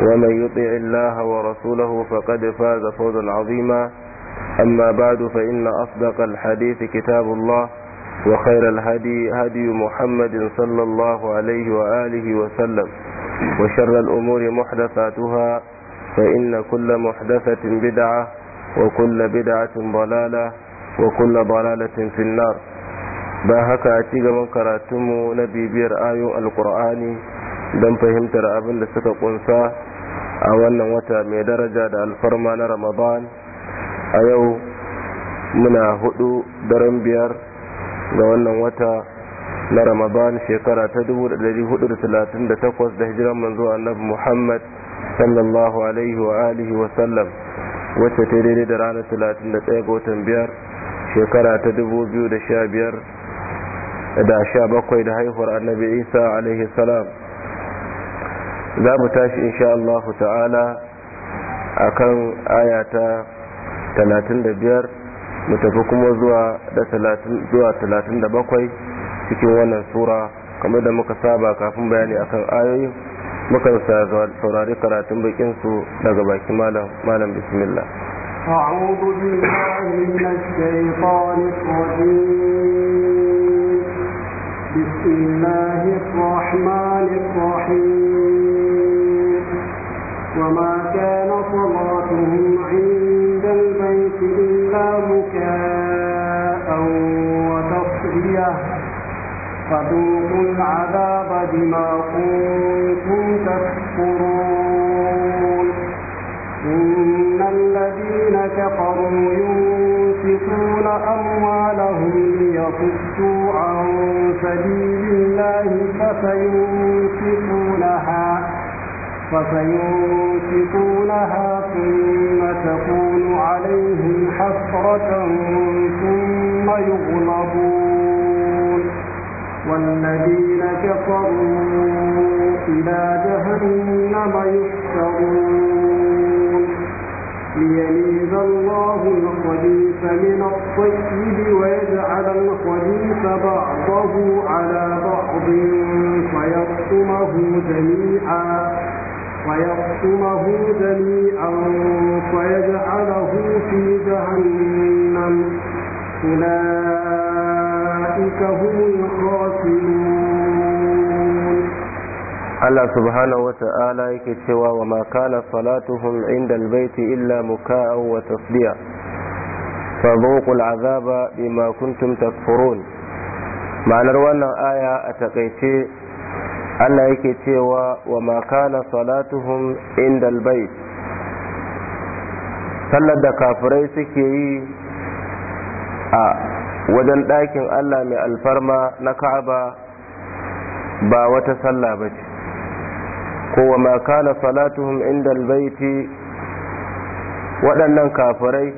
ومن يطع الله ورسوله فقد فاز فوزا عظيما أما بعد فإن أصدق الحديث كتاب الله وخير الهدي هدي محمد صلى الله عليه وآله وسلم وشر الأمور محدثاتها فإن كل محدثة بدعة وكل بدعة ضلالة وكل ضلالة في النار باهك أتيجا من كراتم نبي بير آيو القرآن don fahimtar abin da suka kunsa a wannan wata mai daraja da alfarma na ramadan a yau muna hudu daren biyar ga wannan wata na ramadan shekara ta 438 da hijiran manzo annabi muhammad sallallahu alaihi wa alihi wa sallam wacce ta daidai da ranar 31 ga watan biyar shekara ta 2015 da 17 da haihuwar annabi isa alaihi salam za mu tashi insha Allah ta'ala kan aya ta 35 mu tafi kuma zuwa da 37 cikin wannan sura kamar da muka saba kafin bayani akan ayoyi muka saurari karatun bakinsu daga baki malam malam bismillah أعوذ بالله من الشيطان الرجيم بسم الله الرحمن الرحيم وما كان صلاتهم عند البيت إلا مكاء وتصفية فذوقوا العذاب بما كنتم تكفرون إن الذين كفروا ينفقون أموالهم ليصدوا عن سبيل الله فسينفقونها فسينفقونها ثم تكون عليهم حسرة ثم يغلبون والذين كفروا إلى جهنم يحشرون ليميز الله الخبيث من الطيب ويجعل الخبيث بعضه على بعض فيكتمه جميعا فيحكمه دنيئا فيجعله في جهنم أولئك هم الخاسرون الله سبحانه وتعالى يكتوى وما كان صلاتهم عند البيت إلا مكاء وتصديع فذوقوا العذاب بما كنتم تكفرون ma'anar wannan aya a takaice Allah yake cewa wa ma kana salatuhum indal bait sallar da kafirai suke yi a wajen ɗakin Allah mai alfarma na Ka'aba ba wata sallah ba ce ko wa ma kana salatuhum indal baiti waɗannan kafirai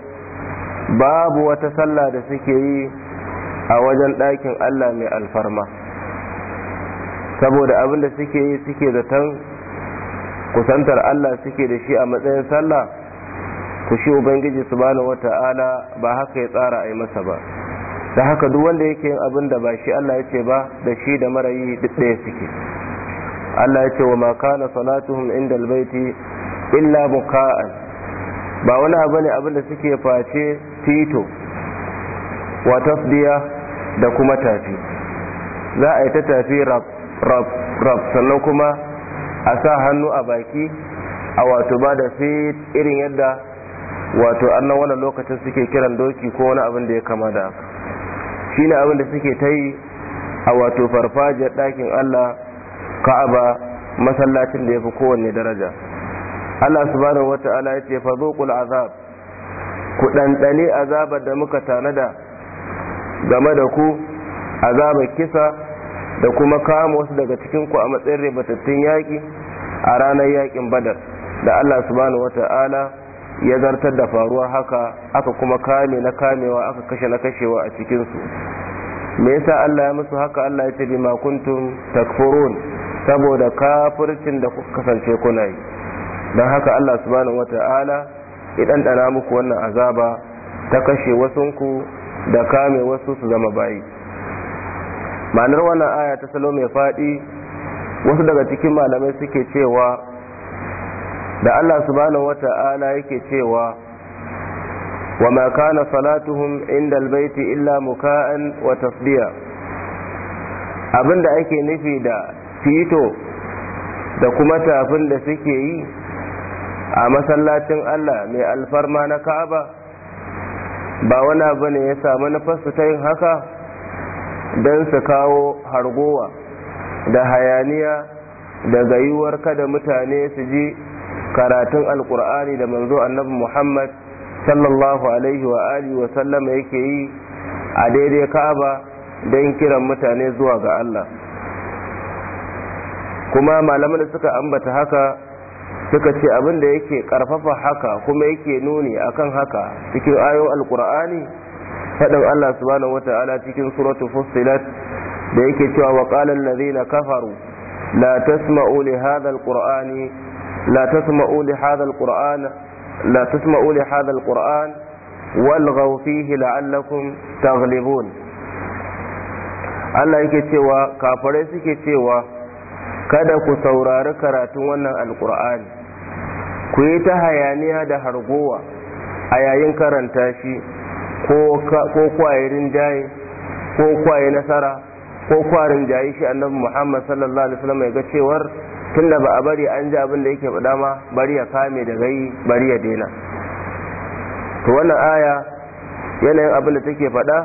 babu wata salla da suke yi a wajen ɗakin Allah mai alfarma saboda abin da suke yi suke zaton kusantar Allah suke da shi a matsayin sallah ku shi ubangiji subhanahu wata'ala ba haka ya tsara a masa ba da haka duk wanda yake yin abin da ba shi Allah ya ce ba da shi da marayi duk ɗaya suke Allah ya ce wa ma kana salatuhum inda albayti illa buka'an ba wani abu ne abin da suke face tito wa tasdiya da kuma tafi za a yi ta tafi rab rab sannan kuma a sa hannu a baki a wato ba da fit irin yadda wato annan wannan lokacin suke kiran doki ko wani abin da ya kama da haka ne abin da suke ta yi a wato farfajiyar ɗakin Allah ka'aba masallacin da ya fi kowanne daraja Allah wata ala ya ce fazuqul azab ku ɗanɗane azabar da muka tanada game da ku azabar kisa da kuma kama wasu daga cikinku a matsayin ribatattun yaƙi a ranar yaƙin badar da Allah subhanahu wata'ala ya zartar da faruwa haka aka kuma kame na kamewa aka kashe na kashewa a cikinsu me yasa Allah ya musu haka Allah ya ce bima kuntum takfurun saboda kafircin da kuka kasance kuna yi don haka Allah subhanahu ta'ala idan dana muku wannan azaba ta kashe wasunku da kame wasu su zama bayi ma'anar wannan aya ta salo mai faɗi wasu daga cikin malamai suke cewa da Allah subhanahu wata'ala yake cewa wa ma kana salatuhum inda albayti illa muka'an wa tasbiya abinda ake nufi da fito da kuma tafin da suke yi a masallacin Allah mai alfarma na Ka'aba ba wani abu ne ya samu nufarsu ta yin haka don su kawo hargowa da hayaniya da gayuwar kada mutane su ji karatun alkur'ani da manzo annabi muhammad sallallahu alaihi wa alihi wa sallama yake yi a daidai ka'aba don kiran mutane zuwa ga allah kuma malaman da suka ambata haka suka ce abin da yake karfafa haka kuma yake nuni akan haka cikin ayo alkur'ani faɗin Allah subhanahu wata'ala cikin suratul fussilat da yake cewa wa qala allazina kafaru la tasma'u li hadha alqur'ani la tasma'u li hadha alqur'an la tasma'u li hadha alqur'an Allah yake cewa kafare suke cewa kada ku saurari karatun wannan alqur'ani ku yi ta hayaniya da hargowa a yayin karanta shi ko kwaye jaye ko kwaye nasara ko kwarin jaye shi annabi muhammad sallallahu alaihi wasallam ya ga cewar tunda ba a bari an ji abin da yake faɗa ma bari ya kame da gai bari ya daina to wannan aya yanayin abin da take faɗa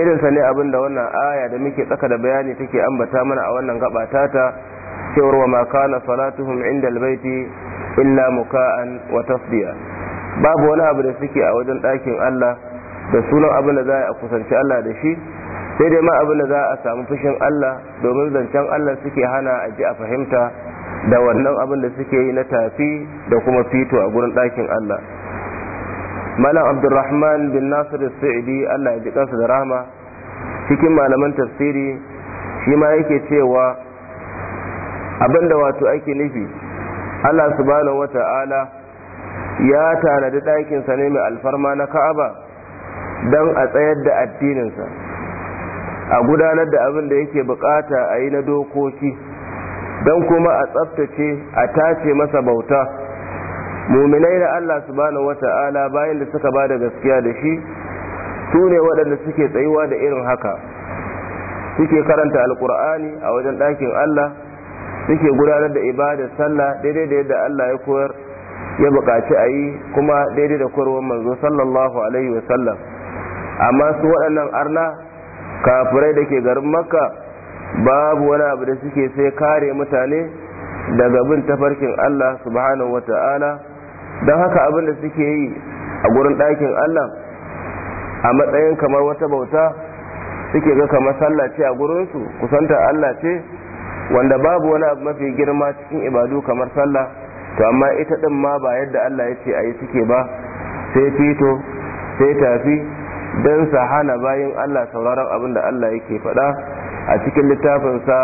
irinsa ne abin da wannan aya da muke tsaka da bayani take ambata mana a wannan gaba ta cewar wa ma kana salatuhum inda albaiti illa muka'an wa tasdiya babu wani abu da suke a wajen ɗakin Allah da sunan abin da za a kusanci Allah da shi sai dai ma abin da za a samu fushin Allah domin zancen Allah suke hana a ji a fahimta da wannan abin da suke yi na tafi da kuma fito a gurin ɗakin Allah malam abdulrahman bin nasir sa'idi Allah ya ji kansa da rahama cikin malaman tafsiri shi ma yake cewa abin da wato ake nufi Allah subhanahu wata'ala ya tanadi ɗakinsa ne mai alfarma na ka'aba don a tsayar da addininsa a gudanar da abin da yake bukata a yi na dokoki don kuma a tsaftace a tace masa bauta muminai da Allah subhanahu wata'ala bayan da suka ba da gaskiya da shi su ne waɗanda suke tsayuwa da irin haka suke karanta alkur'ani a wajen ɗakin Allah suke gudanar da ibadar sallah daidai da yadda Allah ya koyar ya buƙaci a yi kuma daidai da koyarwar manzo sallallahu alaihi wasallam amma su waɗannan arna kafirai da ke garin makka babu wani abu da suke sai kare mutane daga bin tafarkin allah subhanahu wata'ala don haka abin da suke yi a gurin ɗakin allah a matsayin kamar wata bauta suke ga kamar sallah ce a gurinsu kusanta allah ce wanda babu wani abu mafi girma cikin ibadu kamar sallah to amma ita ɗin ma ba yadda allah ya ce a yi suke ba sai fito sai tafi don sa hana bayan Allah sauraron abin da Allah yake faɗa a cikin littafinsa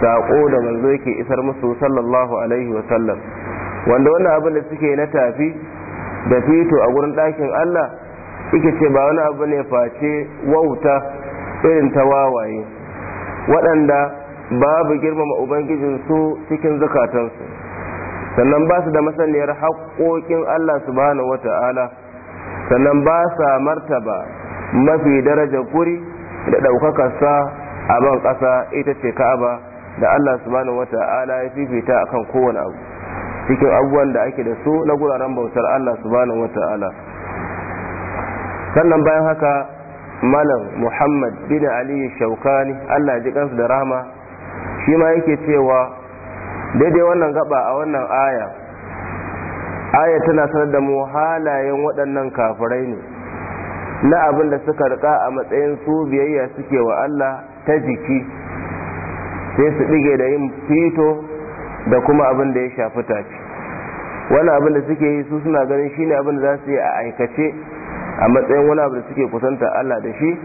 saƙo da manzo yake isar musu sallallahu alaihi wasallam wanda wannan abin da suke na tafi da fito a gurin ɗakin Allah yake ce ba wani abu ne face wauta irin ta wawaye waɗanda babu girmama ubangijinsu cikin zukatansu sannan ba su da masaniyar haƙoƙin Allah subhanahu wata'ala sannan ba sa martaba mafi darajar kuri da sa a ban ƙasa ita ce ka'aba da Allah subhanahu wata'ala ya fifita akan kowane abu cikin abubuwan da ake da su na guraren bautar Allah subhanahu wata'ala sannan bayan haka malam Muhammad bin Ali Shaukani Allah ji kansu da rahama shi ma yake cewa daidai wannan gaba a wannan aya aya tana sanar da mu halayen waɗannan kafirai ne na abin da suka rika a matsayin su biyayya suke wa Allah ta jiki sai su ɗige da yin fito da kuma abin da ya shafi tafi wani abin da suke yi su suna ganin shine abin da za su yi a aikace a matsayin wani abu da suke kusanta Allah da shi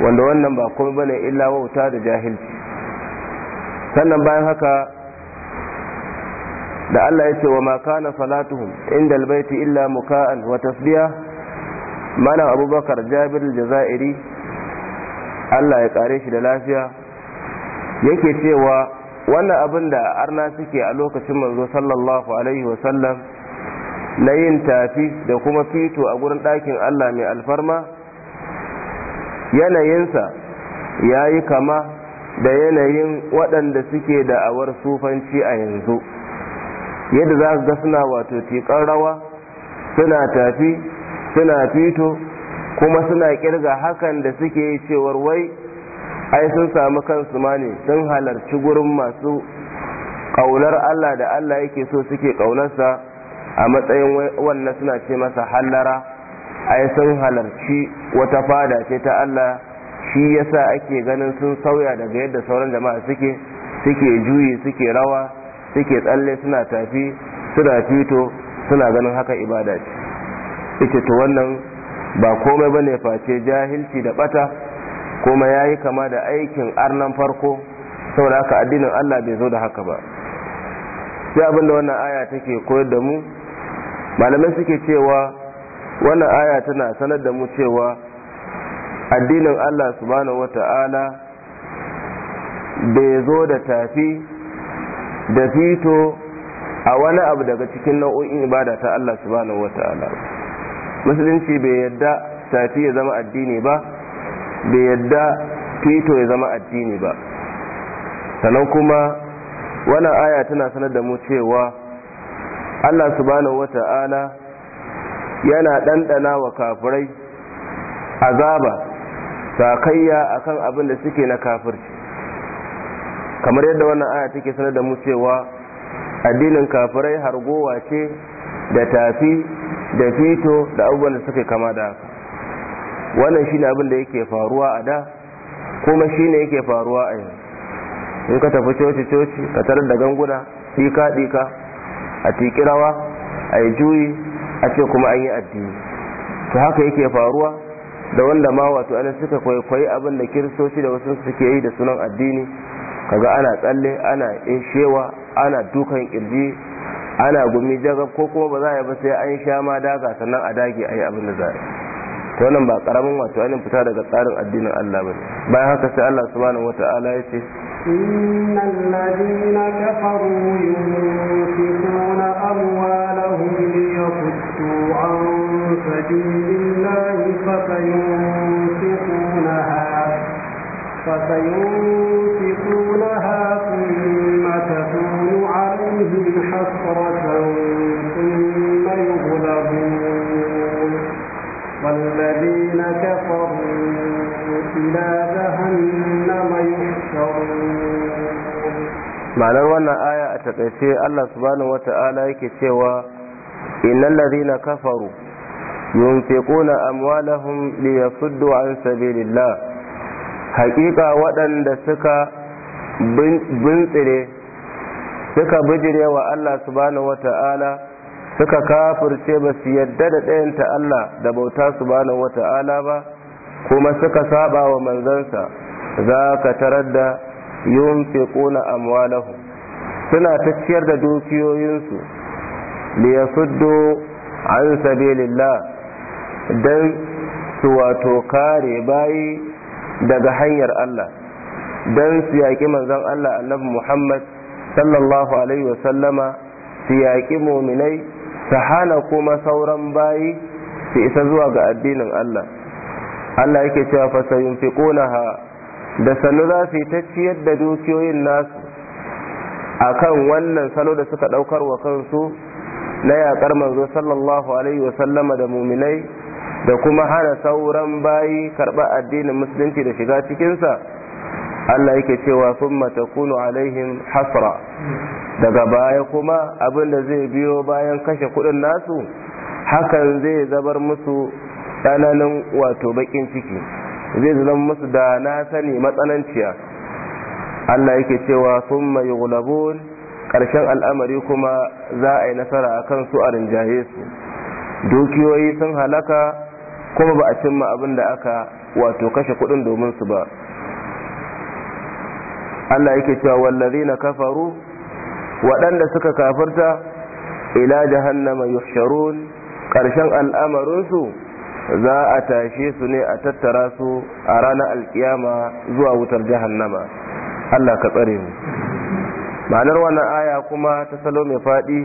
wanda wannan ba kuma bane illa wauta da jahilci sannan bayan haka da Allah ya ce wa ma kana salatuhum inda albayti illa muka'an wa tasbiya malam abubakar jabir jazairi allah ya kare shi da lafiya yake cewa wannan abin da arna suke a lokacin manzo sallallahu alaihi wasallam na yin tafi da kuma fito a gurin ɗakin allah mai alfarma yanayinsa ya yi kama da yanayin waɗanda suke da'awar sufanci a yanzu yadda za su ga suna wato tiƙar rawa suna tafi suna fito kuma suna kirga hakan da suke cewar wai ai sun samu kansu ma ne sun halarci gurin masu ƙaunar Allah da Allah yake so suke ƙaunarsa a matsayin wannan suna ce masa hallara ai sun halarci wata fada ce ta Allah shi yasa ake ganin sun sauya daga yadda sauran jama'a suke suke juyi suke rawa suke tsalle suna tafi suna fito suna ganin haka ibada ce yake to wannan ba komai bane face jahilci da bata kuma yayi kama da aikin arnan farko saboda haka addinin Allah bai zo da haka ba sai abinda wannan aya take koyar da mu malamai suke cewa wannan aya tana sanar da mu cewa addinin Allah subhanahu wata'ala bai zo da tafi da fito a wani abu daga cikin nau'o'in ibada ta Allah subhanahu wata'ala musulunci bai yadda sati ya zama addini ba bai yadda fito ya zama addini ba Sanan kuma wannan aya tana sanar da mu cewa allah subhanahu wata'ala yana ɗanɗana wa kafirai azaba sakayya akan abin da suke na kafirci kamar yadda wannan aya take sanar da mu cewa addinin kafirai hargowa ce da tafi da fito da abubuwan da suka kama da haka wannan shine abin da yake faruwa a da kuma shine yake faruwa a yanzu in ka tafi coci coci ka tarar da ganguna dika dika a tikirawa a yi juyi a ce kuma an yi addini to haka yake faruwa da wanda ma wato ana suka kwaikwayi abin da kiristoci da wasu suke yi da sunan addini kaga ana tsalle ana shewa ana dukan kirji ana gumi jaga ko kuma ba za a yi ba sai an sha ma daga sannan a dage a yi abin da za a to wannan ba karamin wato ainihin fita daga tsarin addinin Allah ba bayan haka sai Allah subhanahu wata'ala ya ce إن الذين كفروا ينفقون أموالهم ليصدوا عن سبيل الله فسينفقونها فسينفقونها ثم تكون عليهم حسرة والذين ma'anar wannan aya a takaice Allah subhanahu ta'ala yake cewa innal ladhina kafaru yunfiquna amwalahum liyasuddu an sabilillah haƙiƙa waɗanda suka bintsire suka bijire wa Allah subhanahu ta'ala. suka kafirce ba su yadda da ɗayanta Allah da bauta su wata ala ba kuma suka saba wa manzansa za ka tarar da yunfiquna amwalahu suna ta ciyar da dukiyoyinsu liyasuddu an sabilillah don su wato kare bayi daga hanyar Allah dan su yaƙi manzon Allah annabi Muhammad sallallahu alaihi wasallama su yaƙi muminai su hana kuma sauran bayi su isa zuwa ga addinin Allah Allah yake cewa fa sayunfiqunaha da sanu za su yi ta ciyar da dukiyoyin nasu akan wannan salo da suka daukar wa kansu na yakar manzo sallallahu alaihi wa sallama da muminai da kuma hana sauran bayi karɓar addinin musulunci da shiga cikinsa Allah yake cewa sun takunu alaihim hasra daga baya kuma abin da zai biyo bayan kashe kudin nasu hakan zai zabar musu tsananin wato bakin ciki zai zama musu da na sani matsananciya Allah yake cewa sun mai gulabun ƙarshen al'amari kuma za a yi nasara a kan su a rinjaye su dukiyoyi sun halaka kuma ba a cimma abin da aka wato kashe kudin domin su ba Allah yake cewa wallazi na kafaru waɗanda suka kafarta ila jahannama yuhsharun ƙarshen al'amarinsu za a tashe su ne a tattara su a ranar alkiyama zuwa wutar jahannama Allah ka tsare mu ma'anar wannan aya kuma ta salo mai faɗi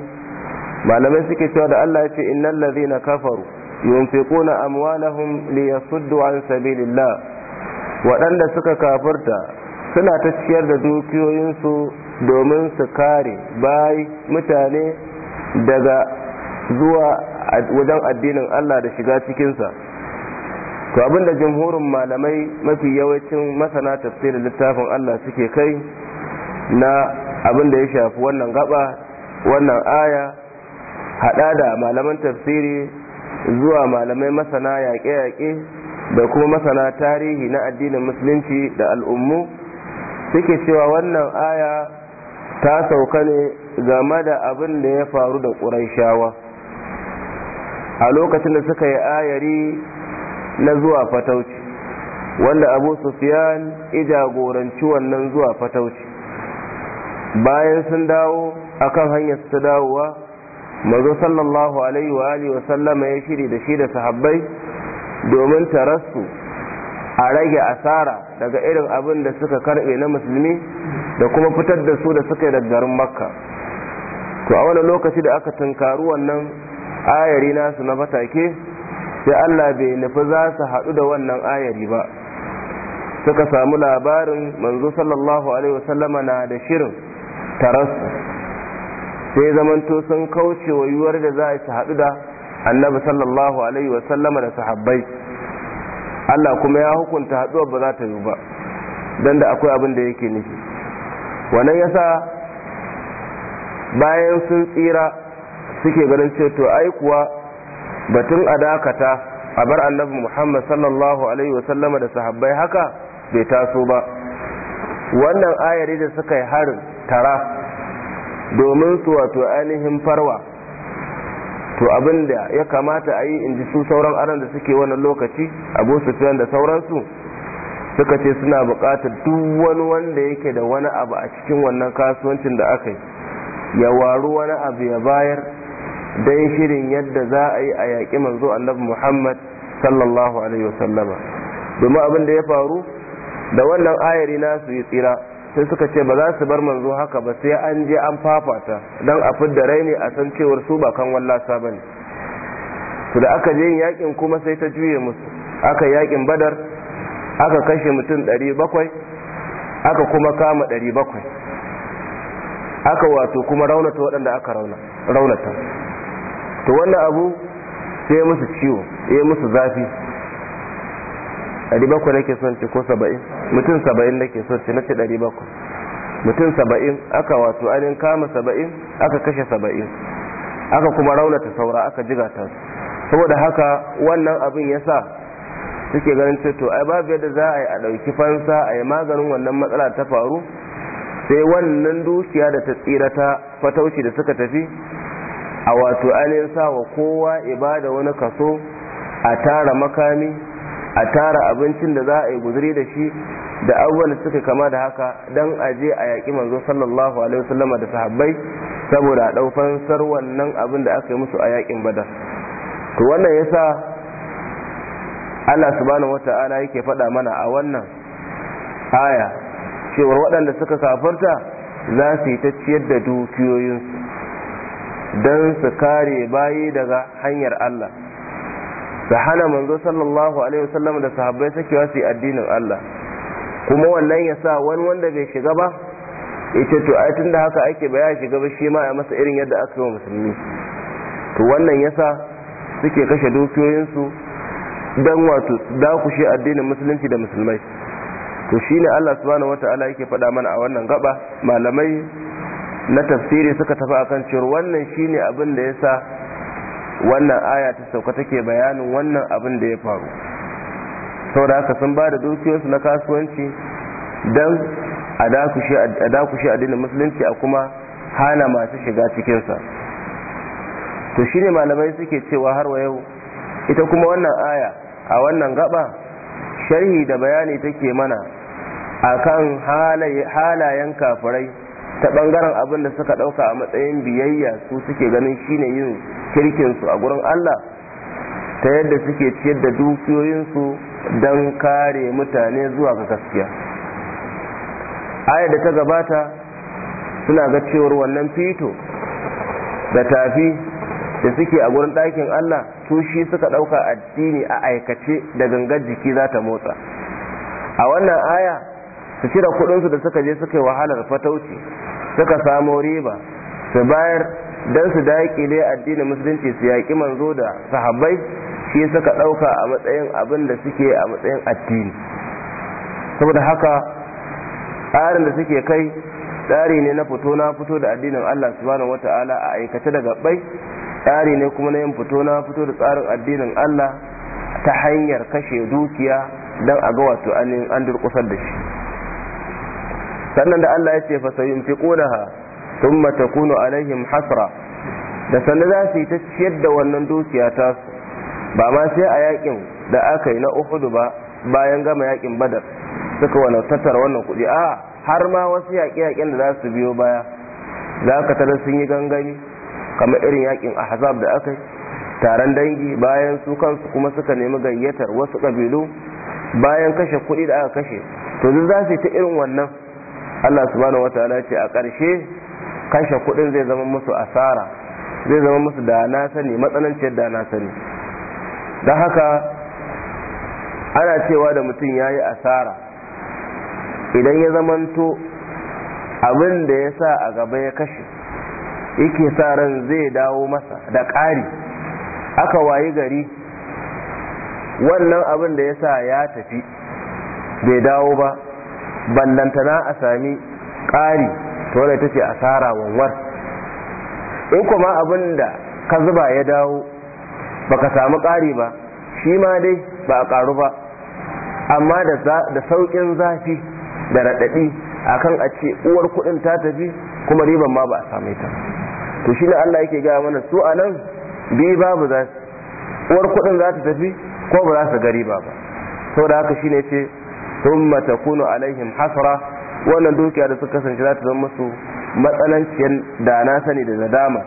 malamai suke cewa da Allah ya ce innal ladhina kafaru yunfiquna amwalahum liyasuddu an sabilillah waɗanda suka kafarta suna ta ciyar da dukiyoyinsu domin su kare bai mutane daga zuwa wajen addinin Allah da shiga cikinsa to abinda jamhurin malamai mafi yawancin masana tafsirin littafin Allah suke kai na abinda ya shafi wannan gaba wannan aya hada da malaman tafsiri zuwa malamai masana yaƙe-yaƙe da kuma masana tarihi na addinin musulunci da al'ummu suke cewa wannan aya ta sauka ne game da abin da ya faru da ƙuraishawa a lokacin da suka yi ayari na zuwa fatauci wanda abu sufiyan ijagoranci wannan zuwa fatauci bayan sun dawo a kan hanyar su dawowa mazo sallallahu alaihi wa alihi wa sallama ya shiri da shi da sahabbai domin tarassu a rage asara daga irin abin da suka karbe na musulmi da kuma fitar da su da suka yi daga garin makka to a wani lokaci da aka tunkaru wannan ayari nasu na batake sai allah bai nufi za su haɗu da wannan ayari ba suka samu labarin manzo sallallahu alaihi wasallama na da shirin tarasu sai zamanto sun kauce wa yiwuwar da za su haɗu da annabi sallallahu alaihi wasallama da sahabbai allah kuma ya hukunta haɗuwar ba za ta yi ba don da akwai abin da yake nufi wannan yasa bayan sun tsira suke ganin ce to ai kuwa batun a dakata a bar annabi muhammad sallallahu alaihi wasallama da sahabbai haka bai taso ba wannan ayari da suka yi harin tara domin su wato ainihin farwa to abin da ya kamata a yi in ji su sauran aran da suke wannan lokaci abu su da sauransu suka ce suna buƙatar duk wani wanda yake da wani abu a cikin wannan kasuwancin da aka yi ya waru wani abu ya bayar don shirin yadda za a yi a yaƙi manzo annabi muhammad sallallahu alaihi wasallama domin abin da ya faru da wannan ayari nasu yi tsira sai suka ce ba za su bar manzo haka ba sai an je an fafata don a fidda raini ne a san cewar su ba kan wallasa ba ne su da aka je yin yakin kuma sai ta juye musu aka yaƙin badar aka kashe mutum ɗari bakwai aka kuma kama ɗari bakwai aka wato kuma raunata waɗanda aka raunata to wannan abu sai musu ciwo ya musu zafi ɗari bakwai nake son ce ko saba'in mutum saba'in nake son ce na ce ɗari bakwai mutum saba'in aka wato anin kama saba'in aka kashe saba'in aka kuma raunata saura aka jiga ta saboda haka wannan abin ya sa suke ganin ce to ai babu yadda za a yi a ɗauki fansa a yi maganin wannan matsala ta faru sai wannan dukiya da ta tsira ta fatauci da suka tafi a wato ainihin sa wa kowa ibada wani kaso a tara makami a tara abincin da za a yi guzuri da shi da abubuwan da suka kama da haka don a je a yaƙi manzo sallallahu alaihi wasallama da sahabbai saboda a ɗau fansar wannan abin da aka yi musu a yaƙin badar to wannan yasa Allah subhanahu wata'ala yake faɗa mana a wannan aya cewa waɗanda suka kafarta za su yi ta ciyar da dukiyoyinsu don su kare bayi daga hanyar Allah su hana manzo sallallahu alaihi wasallam da sahabbai sakewa su addinin Allah kuma wannan ya sa wani wanda bai shiga ba ita to ai tun da haka ake baya shiga ba shi ma ya masa irin yadda aka yi wa musulmi to wannan ya sa suke kashe dukiyoyinsu dan wato dakushe addinin musulunci da musulmai to shine Allah subhanahu wataala yake faɗa mana a wannan gaba malamai na tafsiri suka tafi akan cewa wannan shine abin da yasa wannan aya ta sauka take bayanin wannan abin da ya faru saboda haka sun ba da dukiyarsu na kasuwanci dan a dakushe addinin musulunci a kuma hana masu shiga cikinsa to shine malamai suke cewa har wa yau ita kuma wannan aya a wannan gaba sharhi da bayani take mana akan halayen kafirai ta bangaren abin da suka dauka a matsayin biyayya su suke ganin shine yin kirkin su a gurin Allah ta yadda suke ciyar da dukiyoyin su don kare mutane zuwa ga gaskiya aya da ta gabata suna ga cewar wannan fito da tafi da suke a gurin ɗakin Allah su shi suka ɗauka addini a aikace da gangar jiki za ta motsa a wannan aya su cire su da suka je suka yi wahalar fatauci suka samo riba su bayar don su daƙile addinin musulunci su yaƙi manzo da sahabbai shi suka ɗauka a matsayin abin da suke a matsayin addini saboda haka tsarin da suke kai tsari ne na fito na fito da addinin Allah subhanahu wata'ala a aikace da gabbai tsari ne kuma na yin fito na fito da tsarin addinin Allah ta hanyar kashe dukiya don a ga wato an durkusar da shi sannan da Allah ya ce fa sayun fi qunaha thumma takunu alaihim hasra da sannan za su yi ta ciyar da wannan dukiya ta su ba ma sai a yakin da aka yi na Uhud ba bayan gama yakin Badar suka wani tattar wannan kuɗi a har ma wasu yaƙe-yaƙen da za su biyo baya za ka tara sun yi gangami kamar irin yakin ahzab da aka taron dangi bayan su kansu kuma suka nemi gayyatar wasu kabilu bayan kashe kuɗi da aka kashe to duk za su ta irin wannan Allah subhanahu wataala ce a ƙarshe kashe kuɗin zai zama musu asara zai zama musu da na sani matsananciyar da na sani don haka ana cewa da mutum ya yi asara idan ya zamanto abin da ya sa a gaba ya kashe yake sa ran zai dawo masa da ƙari aka wayi gari wannan abin da ya sa ya tafi bai dawo ba ballantana a sami ƙari to wadda ita ce asara wanwar in kuma abin da ka zuba ya dawo baka samu ƙari ba shi ma dai ba a ƙaru ba amma da sauƙin zafi da raɗaɗi akan a ce uwar kuɗin ta tafi kuma riban ma ba a same ta to shi ne Allah yake gaya mana su a nan bi babu za su uwar kuɗin za ta tafi ko ba za su gari ba ba da haka shi ne ce sun mata takunu alaihim hasara wannan dukiya da suka kasance za ta zama su matsananciyar da na sani da nadama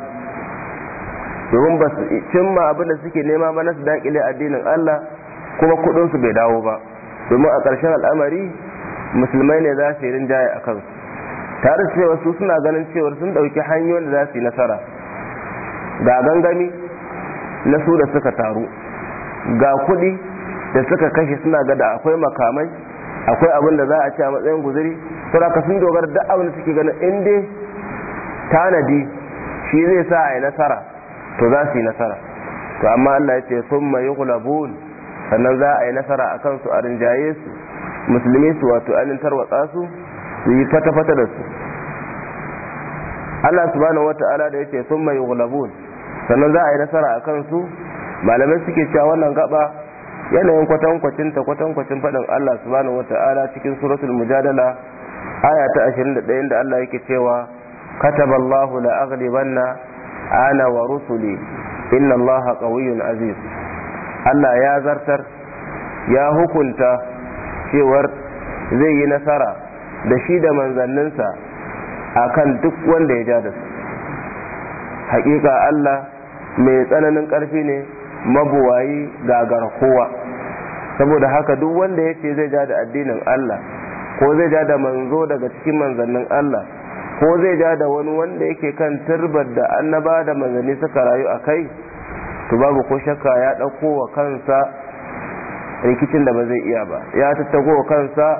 domin ba su cimma abin da suke nema ba na su dakile addinin Allah kuma kuɗinsu bai dawo ba domin a ƙarshen al'amari musulmai ne za su yi rinjaye a kansu tare cewa su suna ganin cewa sun ɗauki hanyoyin da za su yi nasara ga gangami na su da suka taru ga kuɗi da suka kashe suna ga da akwai makamai akwai abin da za a ci a matsayin guzuri ka sun dogara da abin da suke ganin in dai tanadi shi zai sa a yi nasara to za su yi nasara to amma Allah ya ce sun mai gulabun sannan za a yi nasara a kansu a rinjaye su musulmi su wato alintar tarwatsa su su yi fata-fata da su Allah subhanahu wata'ala da yake sun mai gulabun sannan za a yi nasara a kansu malamai suke cewa wannan gaba yanayin kwatankwacin ta kwatankwacin faɗin Allah subhanahu wata'ala cikin suratul mujadala aya ta 21 da Allah yake cewa kataballahu la aghlibanna ana wa rusuli inna Allah qawiyyun aziz Allah ya zartar ya hukunta cewar zai yi nasara da shi da manzanninsa kan duk wanda ya ja da su hakika Allah mai tsananin ƙarfi ne mabuwayi gagara kowa saboda haka duk wanda ya ce zai ja da addinin Allah ko zai ja da manzo daga cikin manzannin Allah ko zai ja da wani wanda yake kan turbar da annaba da manzanni suka rayu a kai to babu ko shakka ya ɗauko wa kansa rikicin da ba zai iya ba ya tattago wa kansa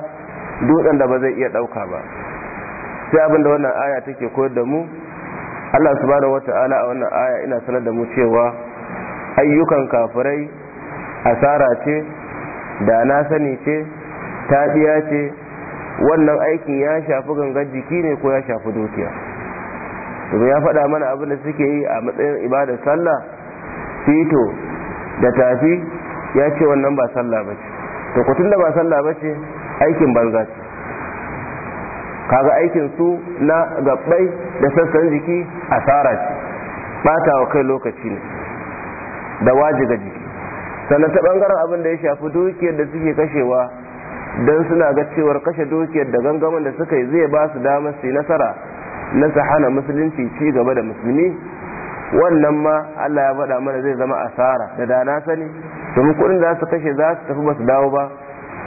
dutsen da ba zai iya ɗauka ba sai abin da wannan aya take koyar da mu Allah subhanahu wata'ala a wannan aya ina sanar da mu cewa ayyukan kafirai asara ce da na sani ce tabiya ce wannan aikin ya shafi gangar jiki ne ko ya shafi dukiya domin ya faɗa mana abin da suke yi a matsayin ibadar sallah fito da tafi ya ce wannan ba sallah ba ce to kutun da ba sallah ba ce aikin banza ce kaga aikin su na gabbai da sassan jiki asara ce bata wa kai lokaci ne da waje ga jiki sannan ta bangaren abin da ya shafi dukiyar da suke kashewa don suna ga cewar kashe dukiyar da gangamin da suka yi zai ba su damar su nasara na su musulunci ci gaba da musulmi wannan ma Allah ya faɗa mana zai zama asara da da na sani domin kuɗin da za su kashe za su tafi ba su dawo ba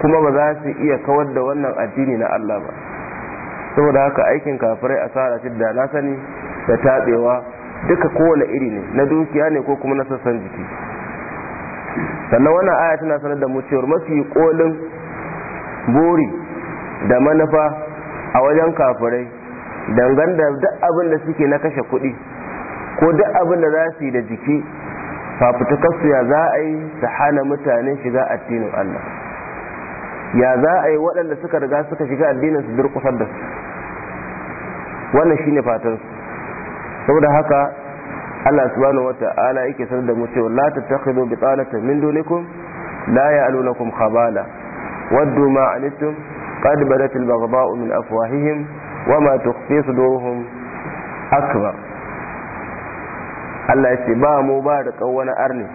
kuma ba za su iya kawar da wannan addini na Allah ba saboda haka aikin kafirai tsara shi da na sani da tabewa duka kowane iri ne na dukiya ne ko kuma na sassan jiki sannan wannan aya tana sanar da mu cewar mafi kolin buri da manufa a wajen kafirai dangan da duk abin da suke na kashe kuɗi ko duk abin da za su yi da jiki fafutukarsu ya za a yi su hana mutane shiga addinin Allah ya za a yi waɗanda suka riga suka shiga addinin su durkusar da su wannan shine fatan saboda haka Allah subhanahu wata'ala yake sanar da mu cewa la bi bitalatan min dunikum la ya'lunukum khabala waddu ma anittum qad badat al-baghdha'u min afwahihim wa ma tukhfi suduruhum akbar Allah ya ce ba mu ba da kawwani arni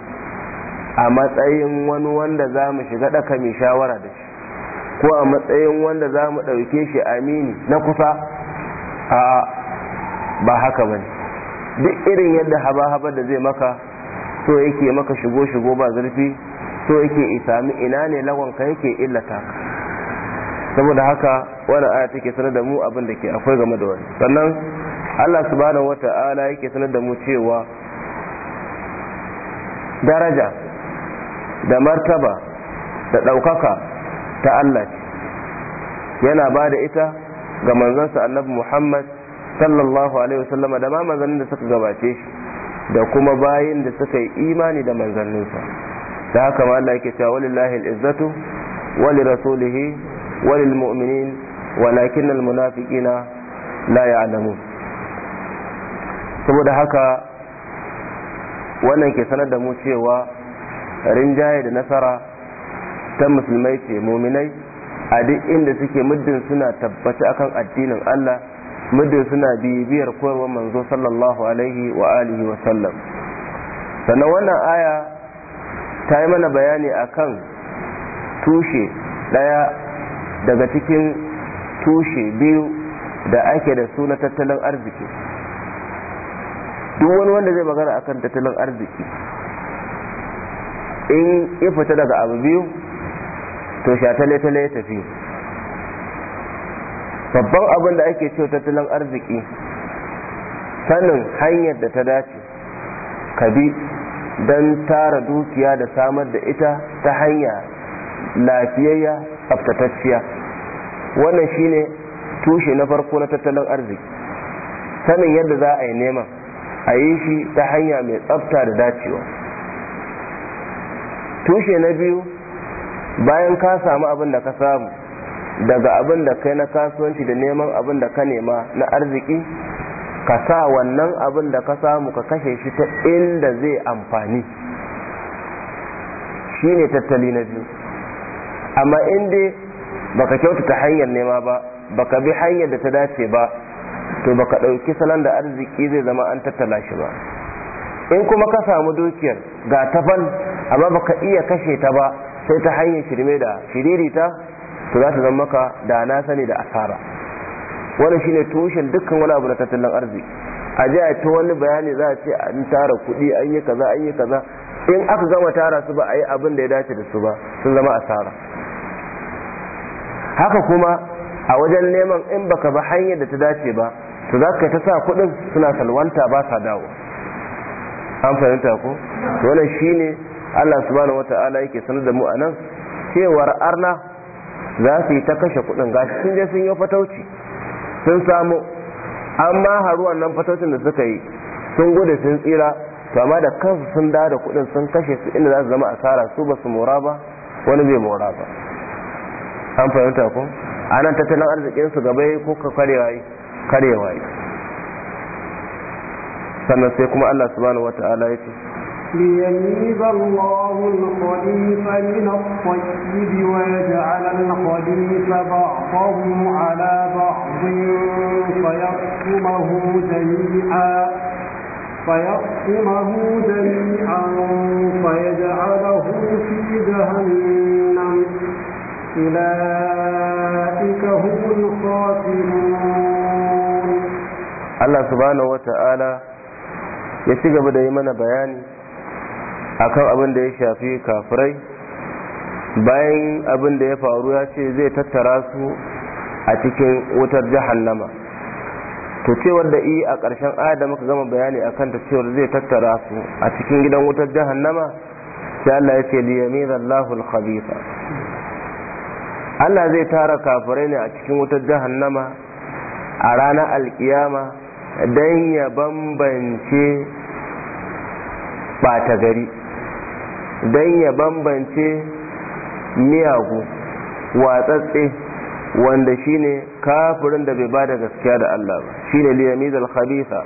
a matsayin wani wanda za mu shiga daka mai shawara da shi ko a matsayin wanda za mu ɗauke shi amini na kusa a ba haka ba duk irin yadda haba-haba da zai maka so yake maka shigo-shigo ba zurfi so yake isami ina ne lawanka yake illata ka saboda haka wani aya take sanar da mu abin da ke akwai game da wani sannan allah subhanahu Ta'ala yake sanar da mu cewa daraja da martaba da ɗaukaka ta Allah ce yana ba da ita ga manzansa annabi Muhammad sallallahu alaihi wasallama da ma manzannin da suka gabace shi da kuma bayin da suka yi imani da manzanninsa da haka ma Allah yake cewa walillahi al wa li rasulihi wa lil mu'minin walakin al munafiqina la ya'lamun saboda haka wannan ke sanar da mu cewa rinjaye da nasara ta musulmai ce muminai a duk inda suke muddin suna tabbaci akan addinin Allah muddin suna bibiyar koyarwar manzo sallallahu alaihi wa alihi wa sallam sannan wannan aya ta yi mana bayani akan tushe daya daga cikin tushe biyu da ake da su na tattalin arziki duk wani wanda zai magana akan tattalin arziki in ya fita daga abu biyu to sha tale tale ya tafi babban abin da ake ce tattalin arziki sanin hanyar da ta dace ka bi don tara dukiya da samar da ita ta hanya lafiyayya tsaftatacciya wannan shine tushe na farko na tattalin arziki sanin yadda za a yi neman a yi shi ta hanya mai tsafta da dacewa tushe na biyu bayan ka samu abin da ka samu daga abin da kai na kasuwanci da neman abin da ka nema na arziki ka sa wannan abin da ka samu ka kashe shi ta inda zai amfani shi ne tattali na biyu amma inda baka kyautata hanyar nema ba baka bi hanyar da ta dace ba to baka ɗauki salon da arziki zai zama an tattala shi ba in kuma ka samu dukiyar ga tafan amma baka iya kashe ta ba sai ta hanyar shirme da shiririta to za ta zama maka da na sani da asara wannan shine tushen dukkan wani abu na tattalin arziki a ji a ta wani bayani za a ce an tara kuɗi an yi kaza an yi kaza in aka gama tara su ba a yi abin da ya dace da su ba sun zama asara haka kuma a wajen neman in baka ba hanyar da ta dace ba to za ka ta sa kuɗin suna salwanta ba sa dawo an fahimta ko wannan shine Allah subhanahu wata'ala yake sanar da mu a nan cewar arna za su yi ta kashe kudin gashi sun je sun yi fatauci sun samu amma haruwan nan fataucin da suka yi sun gudu sun tsira amma da kansu sun da da kudin sun kashe su inda za su zama asara su ba su mora ba wani bai mora ba an fahimta ko anan tattalin arzikin su gaba ko ka karewa yi karewa yi sannan sai kuma Allah subhanahu wata'ala ya ce ليميز الله الخبيث من الطيب ويجعل الخبيث بعضهم على بعض فيقسمه جميعا فيقسمه جميعا فيجعله في جهنم أولئك هم الخاسرون الله سبحانه وتعالى ya ci gaba da yi mana bayani akan abin da ya shafi kafirai bayan abin da ya faru ya ce zai tattara su a cikin wutar jahannama to cewar da i a ƙarshen aya da muka gama bayani a kanta cewar zai tattara su a cikin gidan wutar jahannama sai Allah ya ce liyamiza Allahul Allah zai tara kafirai ne a cikin wutar jahannama a ranar alkiyama don ya bambance ɓata gari don ya bambance miyagu watsatse wanda shine kafirin da bai ba da gaskiya da Allah ba shine liyamizal khabitha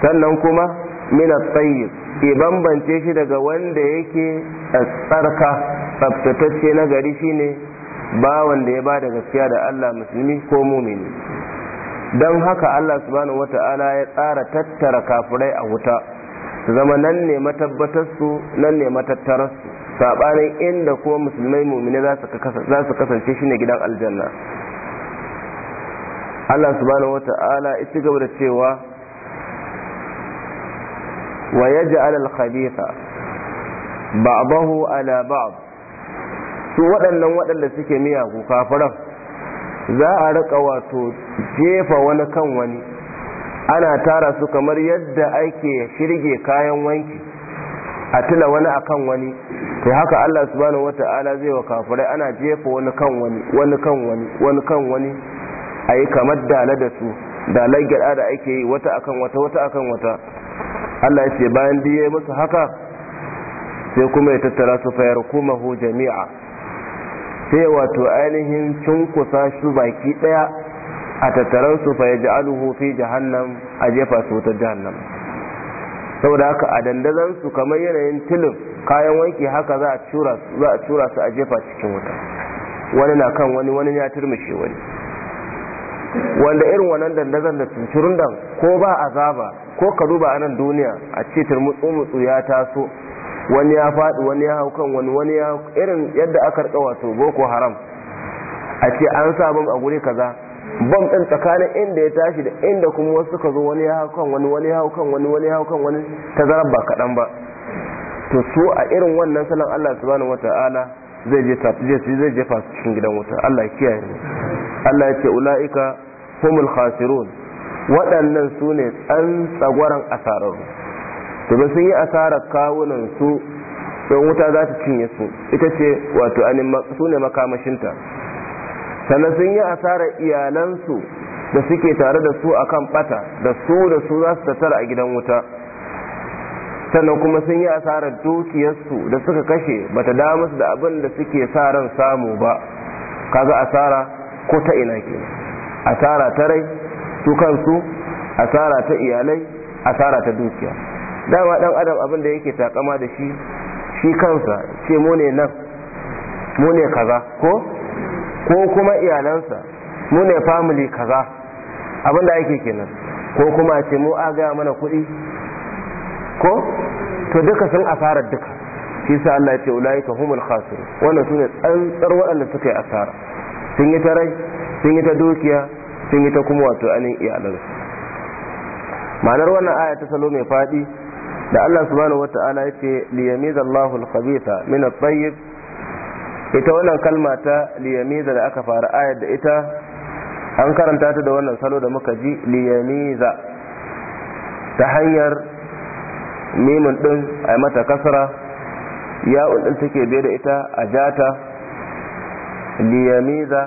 sannan kuma mina at ke bambance shi daga wanda yake tsarka tsaftatacce na gari shine ba wanda ya ba da gaskiya da Allah musulmi ko mumini don haka Allah subhanahu wata'ala ya tsara tattara kafirai a wuta su zama nan ne matabbatarsu nan ne matattararsu saɓanin inda kuma musulmai mumine za su kasance shi ne gidan aljanna allah subhanahu wa ta'ala ita gaba da cewa wa ya ji alal khabitha ba'dahu ala ba'd su waɗannan waɗanda suke miyagu kafaran za a riƙa wato jefa wani kan wani ana tara su kamar yadda ake shirge kayan wanki a tila wani akan wani to haka Allah subhanahu wata'ala zai wa kafirai ana jefa wani kan wani wani kan wani wani kan wani a yi kamar dala da su dalar gyada da ake yi wata akan wata wata akan wata Allah ya ce bayan biye musu haka sai kuma ya tattara su fayar kuma jami'a sai wato ainihin cunkusa shi baki daya a su fa ya ja'aluhu fi jahannam a jefa su wutar jahannam saboda haka a dandazan su kamar yanayin tilin kayan wanki haka za a cura su za a cura su a jefa cikin wuta wani na kan wani wani ya turmushe wani wanda irin wannan dandazan da cincirin dan ko ba azaba ko ka duba a nan duniya a ce turmutsu mutsu ya taso wani ya faɗi wani ya hau kan wani wani ya irin yadda aka rika wato boko haram a ce an sabon a guri kaza bom ɗin tsakanin inda ya tashi da inda kuma wasu suka zo wani ya hau kan wani wani ya hau kan wani wani ya hau kan wani tazarar ba kaɗan ba to su a irin wannan salon Allah subhanahu wata'ala zai je zai jefa su cikin gidan wuta Allah ya kiyaye mu Allah ya ce ulaika humul khasirun waɗannan su ne tsagwaran asararru ba sun yi asarar kawunan su don wuta za ta cinye su ita ce wato su ne makamashinta sannan sun yi asarar iyalansu da suke tare da su akan bata da su da su za su tattara a gidan wuta sannan kuma sun yi asarar dukiyarsu da suka kashe bata damu da abin da suke sa ran samu ba kaga asara ko ta ina ke asara ta rai su kansu asara ta iyalai asara ta dukiya dama dan adam abin da yake takama da shi shi kansa ce mu ne nan mu ne kaza ko ko kuma iyalansa mu ne family kaza abin da ake kenan ko kuma ce mu a gaya mana kuɗi ko to duka sun asara duka shi sa Allah ya ce ulaika humul khasir wannan sune tsantsar waɗanda suka yi asara sun yi ta rai sun yi ta dukiya sun yi ta kuma wato anin iyalansu Manar wannan aya ta salo mai faɗi da Allah subhanahu wata'ala ya ce liyamiz Allahul khabitha min at-tayyib ita wannan kalma ta liyamiza da aka fara ayar da ita an karanta ta da wannan salo da muka ji liyamiza ta hanyar mimin din a mata kasara ya din take biye da ita a jata liyamiza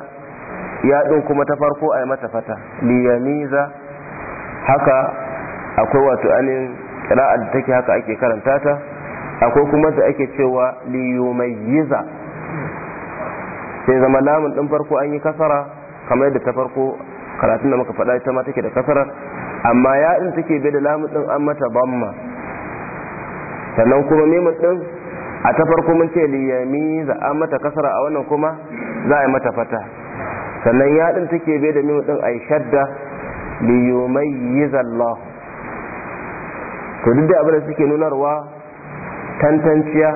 ya din kuma ta farko a mata fata liyamiza haka akwai wato anin kira'ar da take haka ake karanta ta akwai kuma da ake cewa liyumayyiza sai zama lamun din farko an yi kasara kamar yadda ta farko karatun da muka faɗa ita ma take da kasara, amma ya in take bai da lamun din an mata bamma sannan kuma mimun din a ta farko mun ce liyami za a mata kasara a wannan kuma za a yi mata fata sannan ya din take bai da mimun din a yi shadda liyumayyizallah to duk da abin da suke nunarwa tantanciya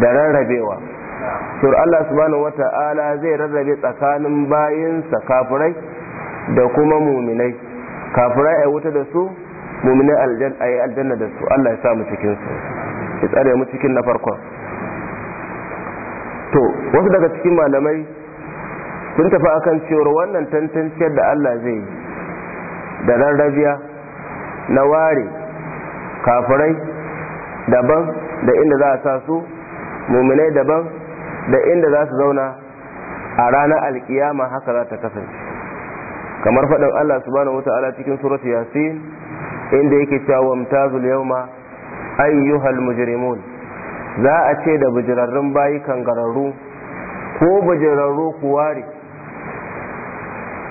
da rarrabewa to Allah subhanahu wata'ala zai rarrabe tsakanin bayinsa kafirai da kuma muminai kafirai ai wuta da su muminai aljanna da su Allah ya sa mu cikin su ya tsare mu cikin na farkon to wasu daga cikin malamai sun tafi akan cewar wannan tantanciyar da Allah zai da rarrabiya na ware kafirai daban da inda za a sa su muminai daban da inda za su zauna a ranar alkiyama haka za ta kasance kamar faɗin Allah subhanahu wata'ala cikin suratu yasin inda yake cewa wamtazul yawma ayyuhal mujrimun za a ce da bijirarrun bayi kangararru ko bujirarru ku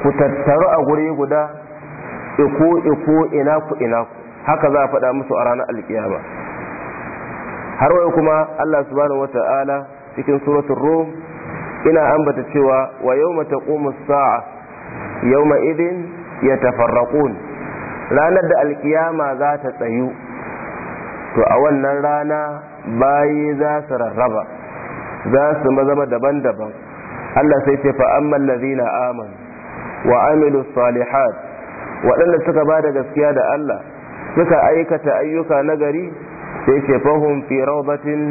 ku tattaru a guri guda iko iko ina ku ina ku haka za a faɗa musu a ranar alkiyama har wai kuma Allah subhanahu wata'ala cikin suratul rum ina ambata cewa wa yau mata as-sa'a yawma idin yatafarraqun ranar da alkiyama za ta tsayu to a wannan rana bayi za su rarraba za su mazama daban-daban Allah sai ce fa amman ladina aman wa amilu salihat waɗanda suka ba da gaskiya da Allah suka aikata ayyuka nagari sai ce fahum fi rawdatin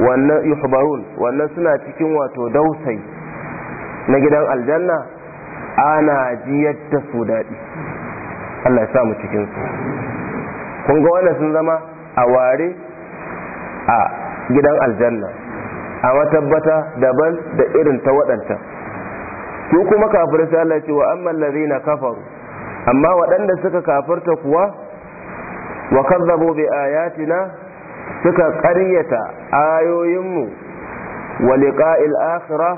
wannan yuhbarun wannan suna cikin wato dausai na gidan aljanna ana jiyar da su daɗi Allah ya sa mu cikin su kun ga wannan sun zama a ware a gidan aljanna a matabbata daban da irin ta waɗanta su kuma kafir sai Allah ya ce wa amman ladina kafaru amma waɗanda suka kafirta kuwa wa kazzabu bi ayatina suka ƙaryata ayoyinmu wa liqa'il akhirah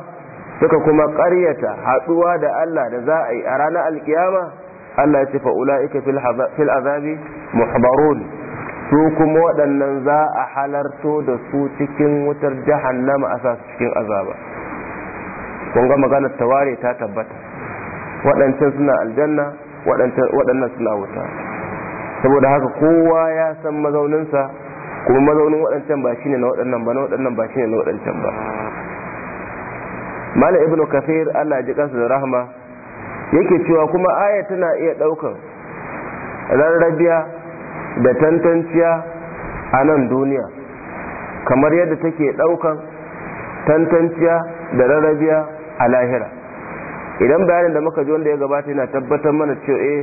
suka kuma ƙaryata haɗuwa da Allah da za a yi a ranar alkiyama Allah ya ce fa ula'ika fil azabi muhbarun su kuma waɗannan za a halarto da su cikin wutar jahannama a sa su cikin azaba kun ga maganar taware ta tabbata waɗancan suna aljanna waɗannan suna wuta saboda haka kowa ya san mazauninsa kuma mazaunin waɗancan ba shine na waɗannan ba na waɗannan ba shine na waɗancan ba mala ibnu kafir Allah ji kansa da rahama yake cewa kuma aya tana iya ɗaukan rarrabiya da tantanciya a nan duniya kamar yadda take ɗaukan tantanciya da rarrabiya a lahira idan bayanin da muka ji wanda ya gabata yana tabbatar mana cewa eh,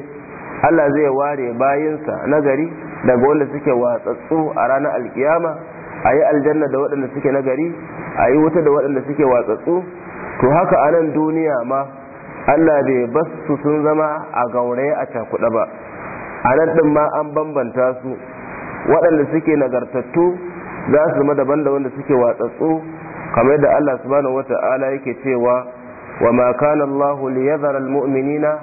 Allah zai ware bayinsa gari daga wanda suke watsatsu a ranar alkiyama a yi aljanna da waɗanda suke nagari a yi wuta da waɗanda suke watsatsu to haka a nan duniya ma allah bai bas su sun zama a gaure a cakuɗa ba a nan ɗin ma an bambanta su waɗanda suke nagartattu za su zama daban da wanda suke watsatsu kamar da allah subhanahu wata'ala yake cewa wa ma kana allah liyazara almu'minina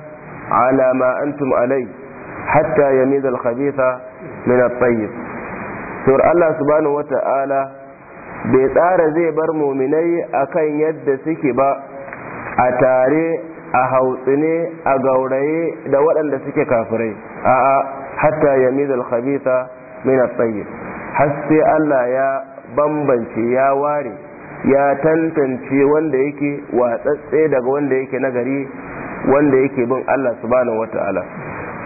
ala ma antum alai hatta ya al-khabitha min at-tayyib to Allah subhanahu bai tsara zai bar muminai kan yadda suke ba a tare a hautsine a gauraye da waɗanda suke kafirai a'a hatta ya al-khabitha min at har sai Allah ya bambance ya ware ya tantance wanda yake watsatse daga wanda yake nagari wanda yake bin Allah subhanahu ta'ala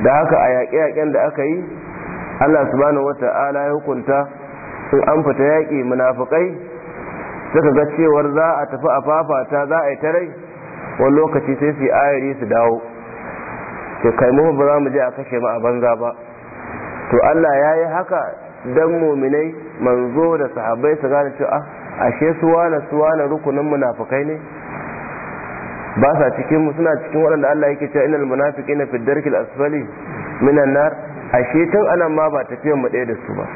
da haka a yaƙe-yaƙen da aka yi allah subhanahu wata'ala ya hukunta in an fita yaƙi munafukai suka ga cewar za a tafi a fafata za a yi tarai wani lokaci sai su ayari su dawo ke kai mu ba za mu je a kashe mu a banza ba to allah ya yi haka dan muminai manzo da sahabbai su gane cewa ah, ashe su suwana rukunin munafukai ne ba sa cikin mu suna cikin waɗanda Allah yake cewa inal munafiqina fi darkil asfali minan nar ashe tun anan ma ba tafiyan mu ɗaya da su ba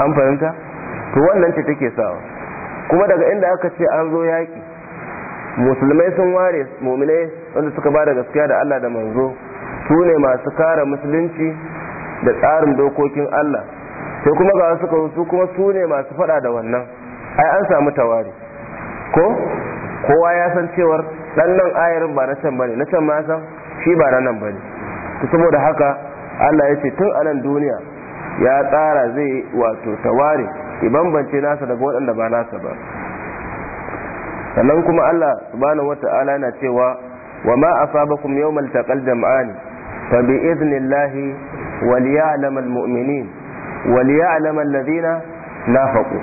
an fahimta to wannan ce take sawa kuma daga inda aka ce an zo yaki musulmai sun ware muminai wanda suka ba da gaskiya da Allah da manzo su ne masu kare musulunci da tsarin dokokin Allah sai kuma ga wasu su kuma su ne masu faɗa da wannan ai an samu tawari ko kowa ya san cewar dan ayarin ba na can bane na can ma san shi ba na nan bane to saboda haka Allah ya ce tun a nan duniya ya tsara zai wato tawari ya bambance nasa daga waɗanda ba nasa ba sannan kuma Allah subhanahu wata'ala yana cewa wa ma asabakum yawmal taqal jam'ani fa bi idnillahi wal ya'lam al mu'minin wal ya'lam alladhina nafaqu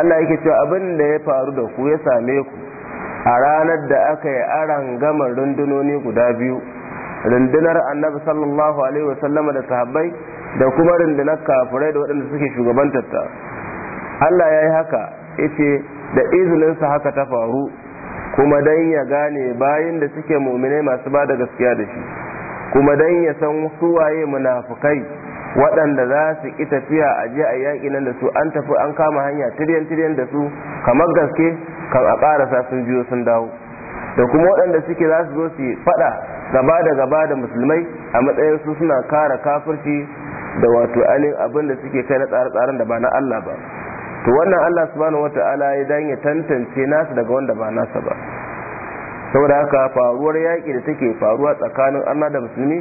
Allah yake cewa abin da ya faru da ku ya same ku a ranar da aka yi aran gama rundunoni guda biyu rundunar annabi sallallahu alaihi wasallama da sahabbai da kuma rundunar kafirai da waɗanda suke shugabantarta Allah ya yi haka ce da izininsa haka ta faru kuma dan ya gane bayan da suke muminai masu ba da gaskiya da shi kuma dan ya san su waye munafukai waɗanda za su ƙi tafiya a je a yaƙi nan da su an tafi an kama hanya tiryan tiryan da su kamar gaske kan a ƙarasa sun biyo sun dawo da kuma waɗanda suke za su zo su faɗa gaba da gaba da musulmai a matsayin su suna kara kafirci da wato ainihin abin da suke kai na tsare-tsaren da ba na Allah ba to wannan Allah subhanahu wata'ala ya dan ya tantance nasu daga wanda ba nasa ba saboda haka faruwar yaƙi da take faruwa tsakanin Allah da musulmi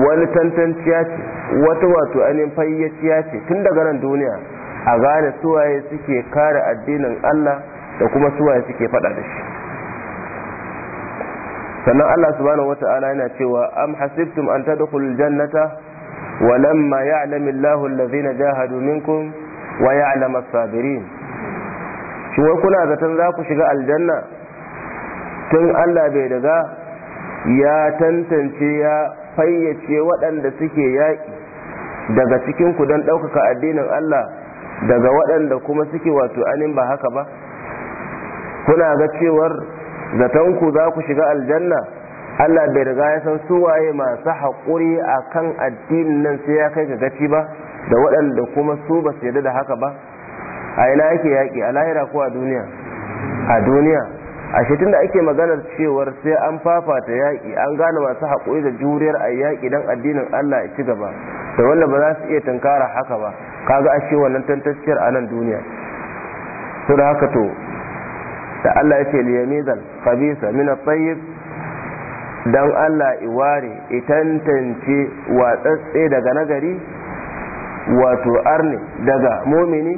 wani tantanciya ce wata wato ainihin fayyaciya ce tun daga nan duniya a gane suwaye suke kare addinin Allah da kuma suwaye suke fada da shi sannan Allah subhanahu wata'ala yana cewa am hasibtum an tadkhulul jannata wa lamma ya'lamu Allahu allazina jahadu minkum wa ya'lamu as-sabirin shin wai kuna zaton za ku shiga aljanna tun Allah bai daga ya tantance ya fayyace waɗanda suke yaƙi daga cikinku don ɗaukaka addinin Allah daga waɗanda kuma suke wato anin ba haka ba kuna ga cewar zatonku za ku shiga aljanna Allah bai riga ya san su waye masu haƙuri a kan addinin nan sai ya kai ga gaci ba da waɗanda kuma su ba su yarda da haka ba a ina yake yaƙi a lahira ko a duniya a duniya ashe da ake maganar cewar sai an fafata yaƙi an gane masu haƙuri da juriyar a yaƙi don addinin Allah ya ci gaba da wanda ba za su iya tunkara haka ba kaga ashe wannan tantacciyar a nan duniya su da haka to da Allah ya ce liyamizal khabisa min at-tayyib dan Allah iware tantance watsatse daga nagari wato arne daga mumini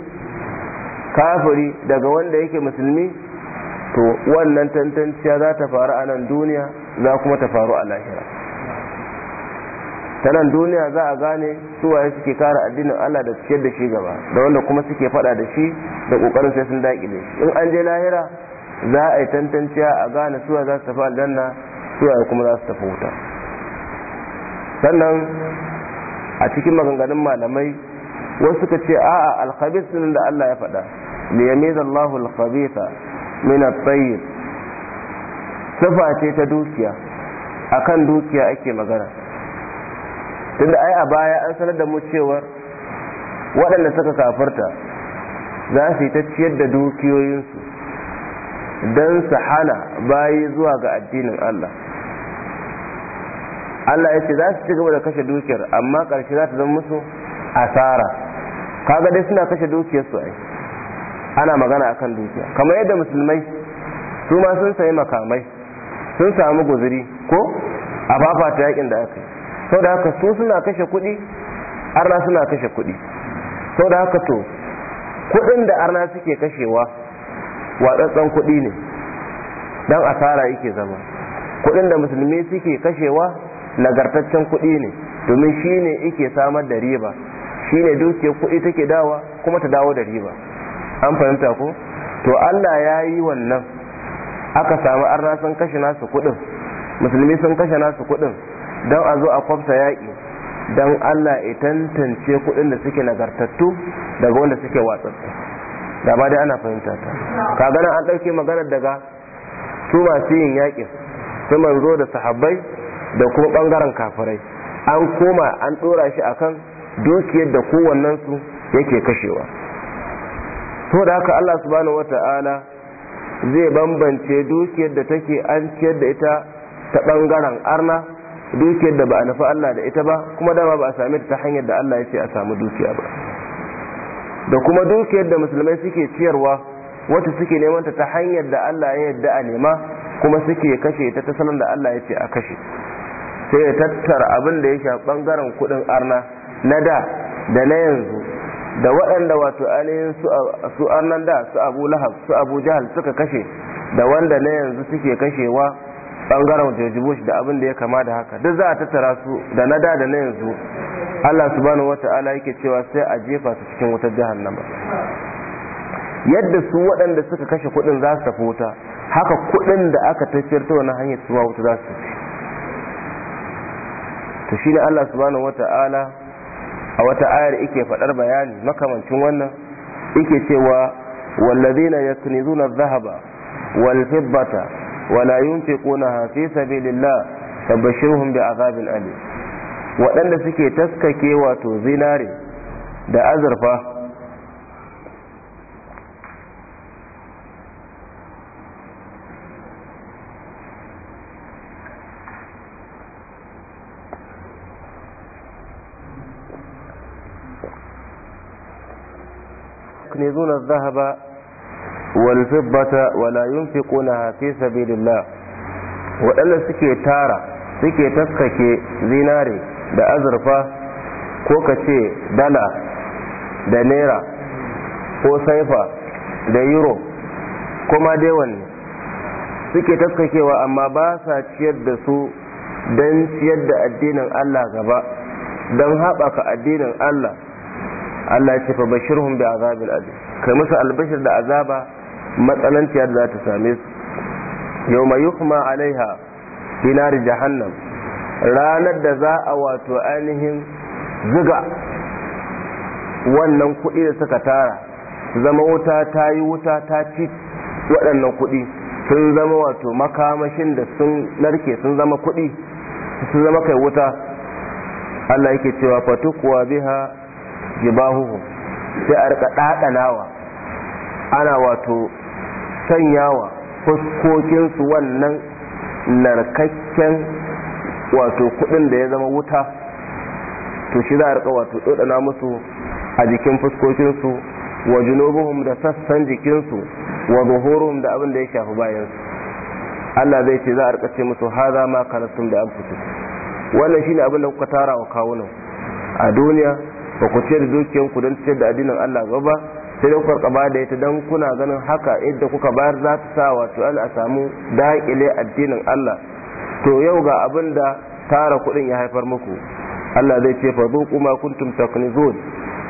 kafiri daga wanda yake musulmi to wannan tantanciya za ta faru a nan duniya za kuma ta faru a lahira ta nan duniya za a gane ya suke kara addinin Allah da ciyar da shi gaba da wanda kuma suke fada da shi da kokarin sai sun dakile shi in an je lahira za a yi tantanciya a gane suwa za su tafi aljanna suwaye kuma za su tafi wuta sannan a cikin maganganun malamai wasu ka ce a'a alkhabis din da Allah ya faɗa liyamiza Allahu alkhabitha min at-tayyib ce ta dukiya akan dukiya ake magana tunda ai a baya an sanar da mu cewar waɗanda suka kafarta za su yi ta ciyar da dukiyoyinsu don su hana bayi zuwa ga addinin Allah Allah ya ce za su ci gaba da kashe dukiyar amma karshe za ta zama musu asara kaga dai suna kashe dukiyarsu ai ana magana akan dukiya kamar yadda musulmai su ma sun sayi makamai sun samu guzuri ko a ta yakin da aka yi sau da haka su suna kashe kuɗi arna suna kashe kuɗi sau da haka to kuɗin da arna suke kashewa watsatsan kuɗi ne don asara yake zama kuɗin da musulmi suke kashewa nagartaccen kuɗi ne domin shi ne yake samar da riba shi ne dukiyar kuɗi take dawa kuma ta dawo da riba an fahimta ko to Allah ya yi wannan aka samu arna sun kashe nasu kuɗin musulmi sun kashe nasu kuɗin don a zo a kwafsa yaƙi don Allah ya tantance kuɗin da suke nagartattu daga wanda suke watsattu da ba dai ana fahimta ta ka gana an ɗauke maganar daga su masu yin yaƙin su manzo da sahabbai da kuma ɓangaren kafirai an koma an ɗora shi akan dukiyar da kowannensu yake kashewa saboda haka Allah subhanahu wata'ala zai bambance dukiyar da take an ciyar da ita ta bangaren arna dukiyar da ba a nufi Allah da ita ba kuma dama ba a sami ta ta hanyar da Allah ya ce a samu dukiya ba da kuma dukiyar da musulmai suke ciyarwa wata suke neman ta ta hanyar da Allah ya yadda a nema kuma suke kashe ta ta salon da Allah ya ce a kashe sai ya tattara abin da ya shafi bangaren kudin arna na da da na yanzu da waɗanda wato ainihin su annan da su abu lahab su abu jahal suka kashe da wanda na yanzu suke kashewa bangaren George da abin da ya kama da haka duk za a tattara su da na da da na yanzu Allah wata Ala yake cewa sai a jefa su cikin wutar nan yadda su waɗanda suka kashe kuɗin za su tafi wuta haka kuɗin da aka tafiyar ta wani hanyar su ma wuta za su tafi to Allah wata Ala. a wata ayar ike faɗar bayani makamancin wannan ike cewa wallazina yaknizuna adh-dhahaba wal fiddata wala yunfiqunaha fi sabilillah fabashshirhum azabin alim waɗanda suke taskake wato zinare da azurfa يستيقظون الذهب والفضة ولا ينفقونها في سبيل الله waɗanda suke tara suke taskake zinare da azurfa ko ka ce dala da naira ko saifa da euro kuma dai wanne suke taskakewa amma ba sa ciyar da su don ciyar da addinin allah gaba don haɓaka addinin allah Allah ya ce fa bashirhum bi azabil adim kai musu albashir da azaba matsananciyar za ta same su yawma yuhma alaiha fi nar jahannam ranar da za a wato ainihin zuga wannan kuɗi da suka tara zama wuta ta yi wuta ta ci waɗannan kuɗi sun zama wato makamashin da sun narke sun zama kuɗi sun zama kai wuta Allah yake cewa fatukuwa biha Jibahuhu sai a rika ɗaɗanawa ana wato sanyawa fuskokinsu wannan narkakken wato kudin da ya zama wuta to shi za a rika wato ɗaɗana musu a jikin fuskokinsu wa junubuhum da sassan jikinsu wa zuhuruhum da abin da ya shafi bayansu Allah zai ce za a rika ce musu haza ma kanastum da fito wannan shine abin da kuka tara wa kawunan a duniya ba ku ciyar da dukiyar ku don ciyar da addinin Allah ba ba sai dai kuka ba da ita don kuna ganin haka yadda kuka bayar za ta sa wato an a samu daƙile addinin Allah to yau ga abin da tara kuɗin ya haifar muku Allah zai ce fa zuqu ma kuntum taknizun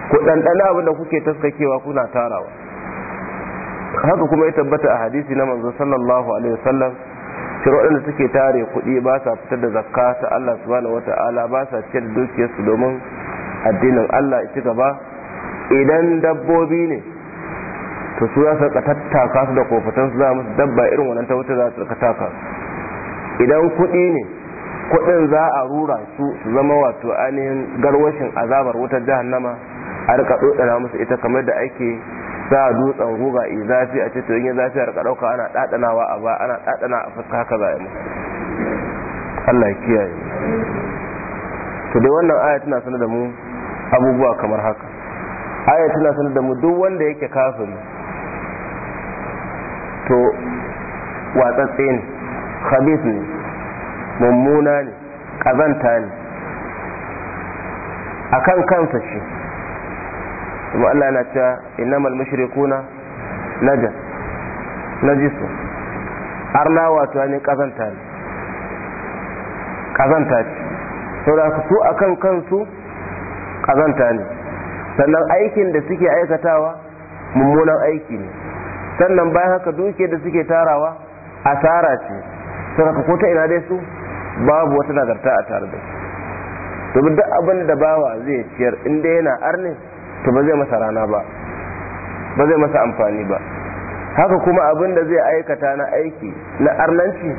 ku ɗanɗana abin da kuke taskakewa kuna tarawa haka kuma ya tabbata a hadisi na manzo sallallahu alaihi wasallam cewa waɗanda suke tare kuɗi ba sa fitar da zakka ta Allah subhanahu wata'ala ba sa ciyar dukiyarsu domin addinin Allah ita ci gaba idan dabbobi ne to su za su tattaka su da kofatan su za musu dabba irin wannan ta wuta za su taka idan kuɗi ne kuɗin za a rura su su zama wato ainihin garwashin azabar wutar jahannama a rika dodana musu ita kamar da ake sa dutsen guga i zafi a cikin yin zafi a rika ana dadanawa a ba ana dadana a fuska haka za a yi Allah ya kiyaye to dai wannan aya tana sanar da mu abubuwa kamar haka aya tana sanar da mu duk wanda yake kafiri to watsatse ne khabis ne mummuna ne kazanta ne akan kansa shi kuma Allah na cewa innamal mushrikuna najas najisu arna wato ne kazanta ne kazanta ce saboda su akan kansu kazanta ne sannan aikin da suke aikatawa mummunan aiki ne sannan bayan haka duke da suke tarawa asara ce saboda ko ta ina dai su babu wata nagarta a tare da su to duk abin da bawa zai ciyar inda yana arne to ba zai masa rana ba ba zai masa amfani ba haka kuma abin da zai aikata na aiki na arnanci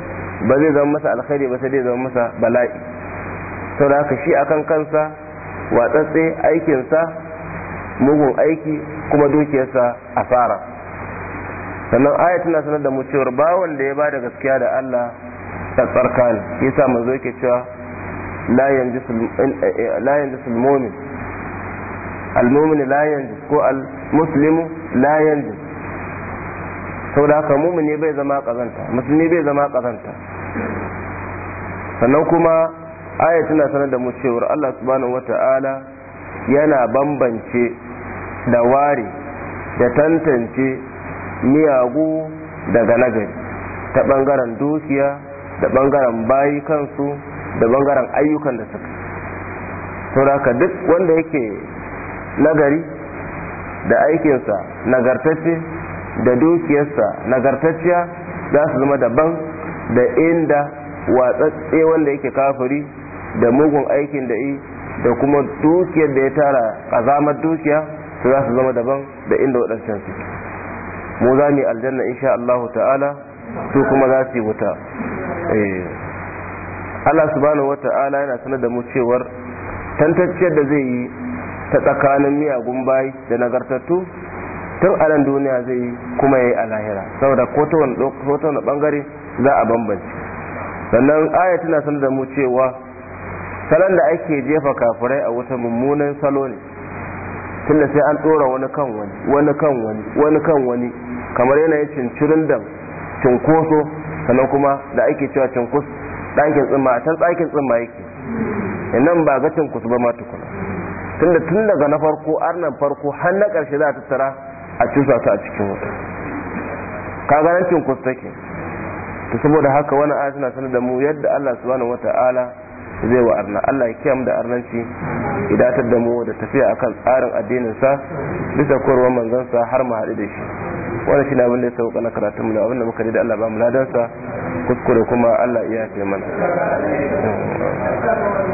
ba zai zama masa alkhairi ba sai zai zama masa bala'i saboda haka shi akan kansa watsatse aikinsa mugun aiki kuma dukiyarsa asara sannan aya tana sanar da mu cewar bawan da ya ba da gaskiya da Allah tsarka ne yasa zo yake cewa la yanjisu al-mu'min al-mu'min la yanjis ko al-muslimu la yanjis da haka mumini bai zama kazanta musulmi bai zama kazanta sannan kuma aya tana sanar da mu cewar Allah subhanahu wata'ala yana bambance da ware da tantance miyagu daga nagari ta bangaren dukiya da bangaren bayi kansu da bangaren ayyukan da suka sauraka duk wanda yake nagari da aikinsa nagartacce da dukiyarsa nagartacciya za su zama daban da inda watsatse wanda yake kafiri da mugun aikin da yi da kuma dukiyar da ya tara zamar dukiya su za su zama daban da inda waɗancan suke mu za mu yi aljanna insha Allah ta'ala su kuma za su yi wuta eh. Allah subhanahu wata'ala yana sanar da mu cewar tantacciyar da zai yi ta tsakanin miyagun bayi da nagartattu tun a duniya zai yi kuma ya yi a lahira saboda ko ta wani bangare za a bambanci. sannan aya tana sanar da mu cewa salon da ake jefa kafirai a wata mummunan salo ne tunda sai an tsora wani kan wani wani kan wani wani kan wani kamar yanayin cincirin da cinkoso sannan kuma da ake cewa cinkos ɗakin tsima a can ɗakin tsima yake e nan ba ga cinkos ba ma tukuna tunda tun daga na farko arnan farko har na ƙarshe za a tattara a cusa ta a cikin wuta ka ganin cinkos take to saboda haka wani ayatuna sanar da mu yadda Allah subhanahu wata'ala zai wa arna Allah ya kiyam da arnanci idan da mu da tafiya akan tsarin addinin sa bisa korwar manzon sa har mu haɗu da shi wannan shine abin da ya sauka na karatu mu abin da muka da Allah ba mu ladan sa kuskure kuma Allah iya taimaka.